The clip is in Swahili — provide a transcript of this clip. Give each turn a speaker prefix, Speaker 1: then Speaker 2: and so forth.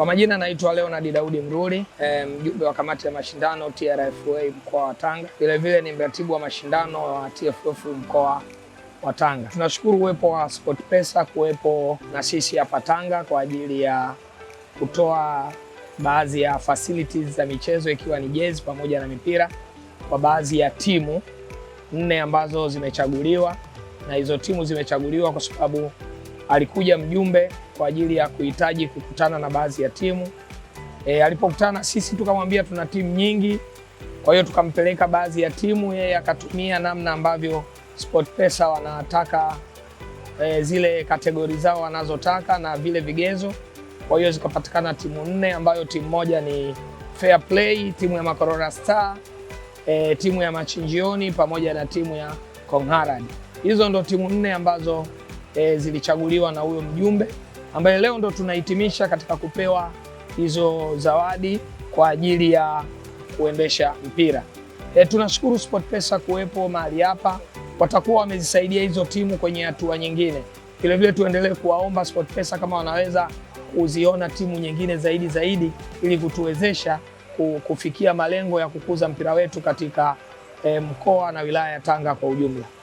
Speaker 1: Kwa majina naitwa Leonard Daudi Mruli, eh, mjumbe wa kamati ya mashindano TRFA mkoa wa Tanga, vilevile ni mratibu wa mashindano wa TFF mkoa wa Tanga. Tunashukuru uwepo wa SportPesa kuwepo na sisi hapa Tanga kwa ajili ya kutoa baadhi ya facilities za michezo ikiwa ni jezi pamoja na mipira kwa baadhi ya timu nne ambazo zimechaguliwa, na hizo timu zimechaguliwa kwa sababu alikuja mjumbe kwa ajili ya kuhitaji kukutana na baadhi ya timu e, alipokutana sisi tukamwambia tuna timu nyingi, kwa hiyo tukampeleka baadhi ya timu, yeye akatumia namna ambavyo SportPesa wanataka e, zile kategori zao wanazotaka na vile vigezo. Kwa hiyo zikapatikana timu nne, ambayo timu moja ni Fair Play, timu ya Makorora Star e, timu ya Machinjioni pamoja na timu ya Kongharadi. Hizo ndo timu nne ambazo e, zilichaguliwa na huyo mjumbe ambaye leo ndo tunahitimisha katika kupewa hizo zawadi kwa ajili ya kuendesha mpira. E, tunashukuru SportPesa kuwepo mahali hapa, watakuwa wamezisaidia hizo timu kwenye hatua nyingine. Vilevile tuendelee kuwaomba SportPesa kama wanaweza kuziona timu nyingine zaidi zaidi, ili kutuwezesha kufikia malengo ya kukuza mpira wetu katika e, mkoa na wilaya ya Tanga kwa ujumla.